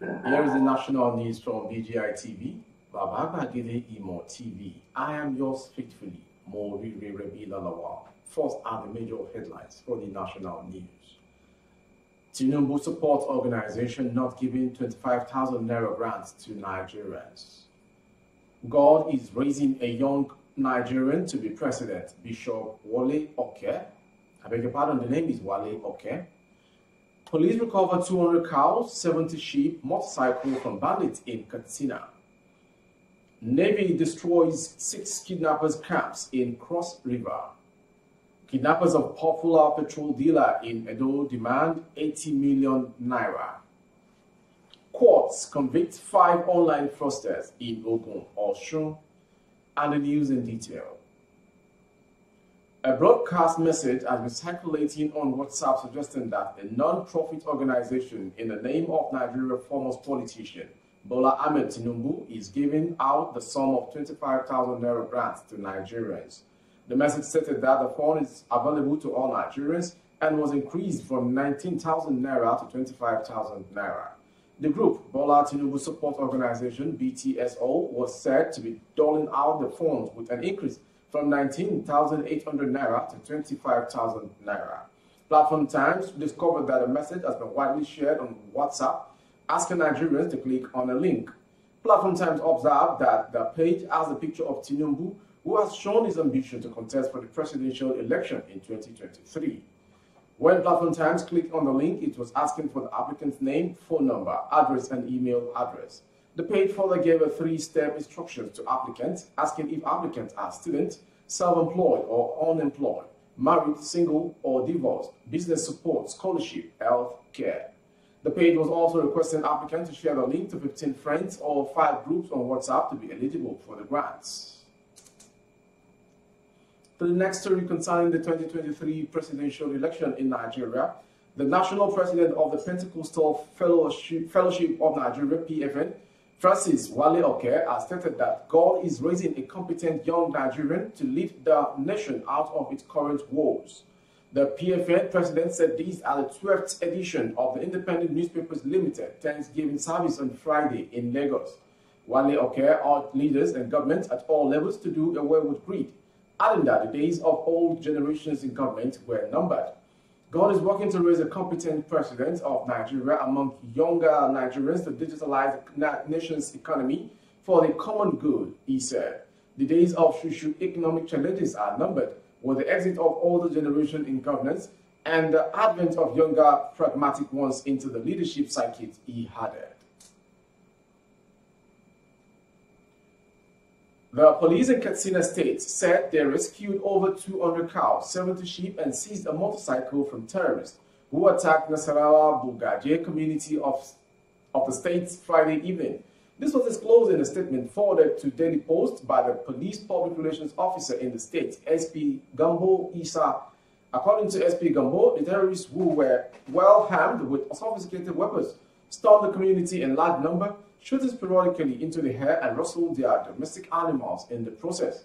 Here is the national news from BGI TV. Baba Imo TV. I am yours faithfully, Mori Rebi Lalawa. First are the major headlines for the national news. Tinubu support organization not giving 25,000 Naira grants to Nigerians. God is raising a young Nigerian to be president, Bishop Wale Oke. I beg your pardon, the name is Wale Oke Police recover 200 cows, 70 sheep, motorcycle from bandits in Katsina. Navy destroys six kidnappers' camps in Cross River. Kidnappers of popular petrol dealer in Edo demand 80 million naira. Courts convict five online fraudsters in Ogun, Oshun, and the news in detail. A broadcast message has been circulating on WhatsApp suggesting that a non-profit organization in the name of Nigeria's former politician Bola Ahmed Tinubu is giving out the sum of 25,000 naira grants to Nigerians. The message stated that the fund is available to all Nigerians and was increased from 19,000 naira to 25,000 naira. The group Bola Tinubu Support Organization (BTSO) was said to be doling out the funds with an increase from 19,800 naira to 25,000 naira. Platform Times discovered that a message has been widely shared on WhatsApp asking Nigerians to click on a link. Platform Times observed that the page has a picture of Tinubu, who has shown his ambition to contest for the presidential election in 2023. When Platform Times clicked on the link, it was asking for the applicant's name, phone number, address, and email address. The paid folder gave a three-step instructions to applicants, asking if applicants are students, self-employed or unemployed, married, single or divorced, business support, scholarship, health care. The page was also requesting applicants to share the link to 15 friends or 5 groups on WhatsApp to be eligible for the grants. the next story concerning the 2023 presidential election in Nigeria, the national president of the Pentecostal Fellowship, Fellowship of Nigeria, PFN, Francis Wale Oke has stated that God is raising a competent young Nigerian to lead the nation out of its current woes. The PFN president said these are the 12th edition of the Independent Newspapers Limited Thanksgiving service on Friday in Lagos. Wale Oke urged leaders and governments at all levels to do away with greed, adding that the days of old generations in government were numbered. God is working to raise a competent president of Nigeria among younger Nigerians to digitalize the nation's economy for the common good, he said. The days of Shushu economic challenges are numbered with the exit of older generation in governance and the advent of younger pragmatic ones into the leadership circuit, he added. The police in Katsina State said they rescued over 200 cows, 70 sheep, and seized a motorcycle from terrorists who attacked Nasarawa Bugaje community of, of the state Friday evening. This was disclosed in a statement forwarded to Daily Post by the police public relations officer in the state, SP Gambo Isa. According to SP Gambo, the terrorists who were well armed with sophisticated weapons stormed the community in large number, shooting periodically into the hair and rustled their domestic animals in the process.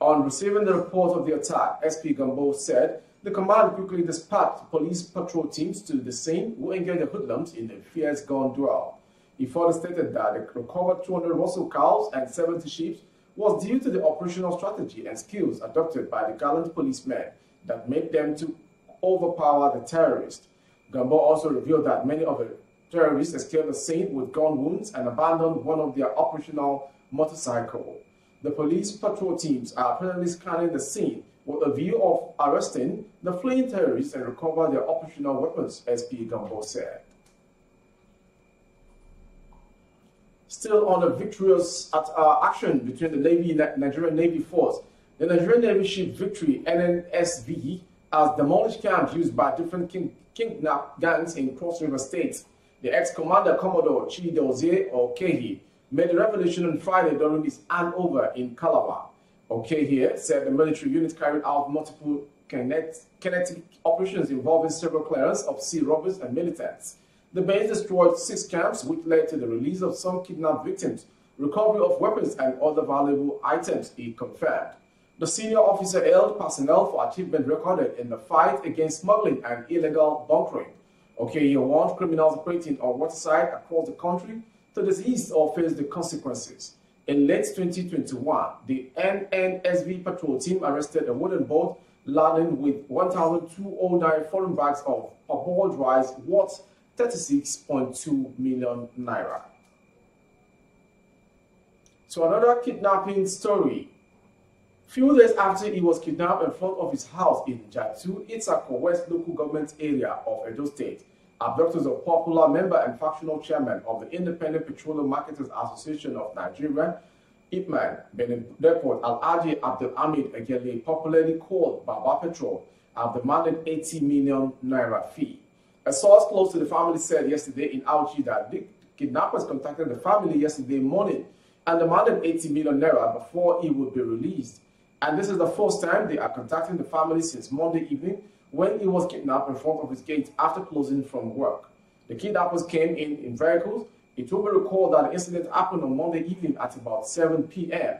On receiving the report of the attack, SP Gambo said the command quickly dispatched police patrol teams to the scene who engaged the hoodlums in a fierce gun duel. He further stated that the recovered 200 Russell cows and 70 sheep was due to the operational strategy and skills adopted by the gallant policemen that made them to overpower the terrorists. Gambo also revealed that many of the terrorists has killed a saint with gun wounds and abandoned one of their operational motorcycle. The police patrol teams are apparently scanning the scene with a view of arresting the fleeing terrorists and recover their operational weapons, SP Gambo said. Still on a victorious at, uh, action between the Navy Nigerian Navy Force, the Nigerian Navy ship Victory NNSV has demolished camps used by different kidnapping kidnap gangs in Cross River State the ex-commander Commodore Chidozie Okehi made a revolution on Friday during his handover in Calabar. Okehi said the military unit carried out multiple kinetic, kinetic operations involving several clearance of sea robbers and militants. The base destroyed six camps, which led to the release of some kidnapped victims, recovery of weapons and other valuable items, he confirmed. The senior officer held personnel for achievement recorded in the fight against smuggling and illegal bunkering. Okay, you want criminals operating on side across the country to the east or face the consequences. In late 2021, the NNSV patrol team arrested a wooden boat laden with 1,209 foreign bags of parboiled rice worth 36.2 million naira. So another kidnapping story. Few days after he was kidnapped in front of his house in Jatu, Itako West local government area of Edo State, Abdullah is a popular member and factional chairman of the Independent Petroleum Marketers Association of Nigeria, IPMAN, Benin Depot, Al-Adi Abdul Hamid popularly called Baba Petrol, have demanded 80 million naira fee. A source close to the family said yesterday in Algi that the kidnappers contacted the family yesterday morning and demanded 80 million naira before he would be released. And this is the first time they are contacting the family since Monday evening when he was kidnapped in front of his gate after closing from work. The kidnappers came in in vehicles. It will be recalled that the incident happened on Monday evening at about 7 p.m.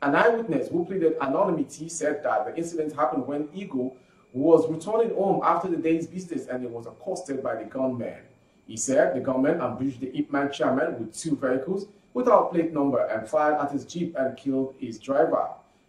An eyewitness who pleaded anonymity said that the incident happened when Eagle was returning home after the day's business and he was accosted by the gunmen. He said the gunmen ambushed the Ip Man chairman with two vehicles without plate number and fired at his jeep and killed his driver.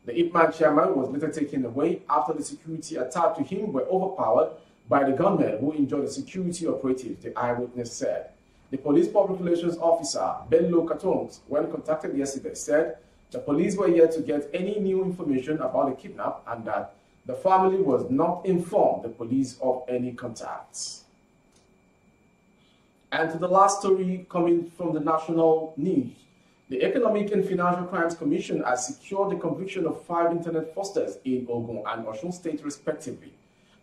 The Ipman chairman was later taken away after the security attached to him were overpowered by the gunmen who injured the security operative, the eyewitness said. The police public relations officer, Bello Katongs, when contacted yesterday, said the police were here to get any new information about the kidnap and that the family was not informed the police of any contacts. And to the last story coming from the national news, the Economic and Financial Crimes Commission has secured the conviction of five internet fosters in Ogun and Osun State respectively.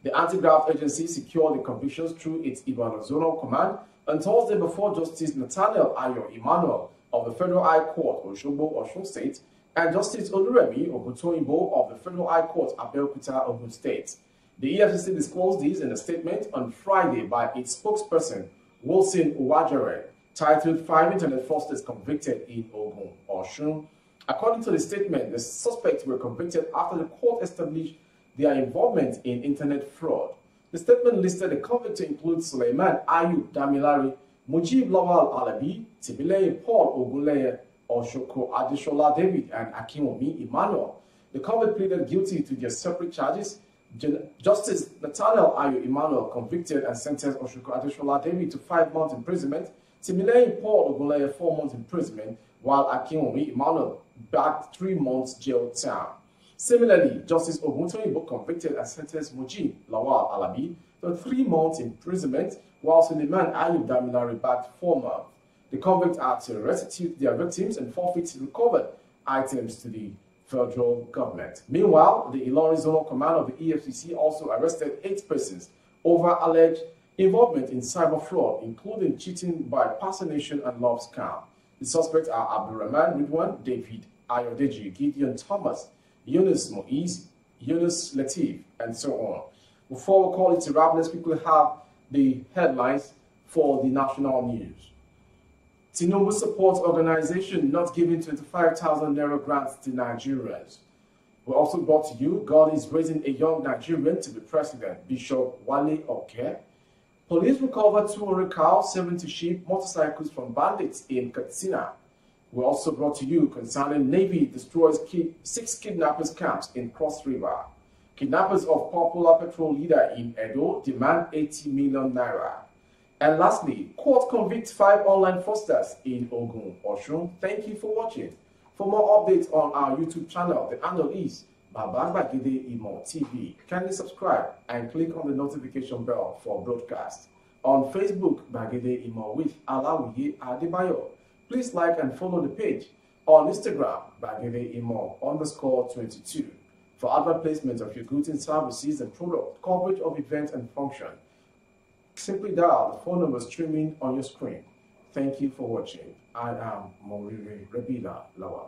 The anti-graft agency secured the convictions through its Ibadan Zonal Command on Thursday before Justice Nathaniel Ayo Emmanuel of the Federal High Court, Oshobo Osun State, and Justice Oluremi Ogutoyinbo of the Federal High Court, Abeokuta, Ogun State. The EFCC disclosed this in a statement on Friday by its spokesperson, Wilson Uwajere titled Five Internet Fraudsters Convicted in Ogun, Oshun. According to the statement, the suspects were convicted after the court established their involvement in internet fraud. The statement listed the convict to include Suleiman Ayub Damilari, Mujib Lawal Alabi, Tibileye Paul Oguleye, Oshoko Adeshola David, and Akimomi Emmanuel. The convict pleaded guilty to their separate charges. Justice Nathaniel Ayu Emmanuel convicted and sentenced Oshoko Adeshola David to five months imprisonment Timileyin Paul Ogunleye four months imprisonment, while Akinwumi Emmanuel backed three months jail term. Similarly, Justice Oguntoyibo convicted and sentenced Mujib Lawal Alabi to three months imprisonment, while Suleiman Ayub Damilari backed four months. The convicts are to restitute their victims and forfeit recovered items to the federal government. Meanwhile, the Ilorin Zonal Command of the EFCC also arrested eight persons over alleged Involvement in cyber fraud, including cheating by personation and love scam. The suspects are Abdulrahman Ridwan, David Ayodeji, Gideon Thomas, Yunus Moise, Yunus Latif, and so on. Before we call it to wrap, let's quickly have the headlines for the national news. Tinubu supports organization not giving 25,000 Naira grants to Nigerians. We also brought to you, God is raising a young Nigerian to be president, Bishop Wale Oke. Police recovered 200 cows, 70 sheep, motorcycles from bandits in Katsina. We also brought to you concerning Navy destroys ki six kidnappers camps in Cross River. Kidnappers of popular patrol leader in Edo demand 80 million naira. And lastly, court convicts five online fosters in Ogun, Oshun. Thank you for watching. For more updates on our YouTube channel, the handle East, Babangba Gidi Imo TV. Kindly subscribe and click on the notification bell for broadcasts. On Facebook, Bagide Imo with Alawiye Adebayo. Please like and follow the page. On Instagram, Bagide Imo underscore 22. For advert placement of your goods and services and product, coverage of events and function, simply dial the phone number streaming on your screen. Thank you for watching. I am Morire Rabila Lawa.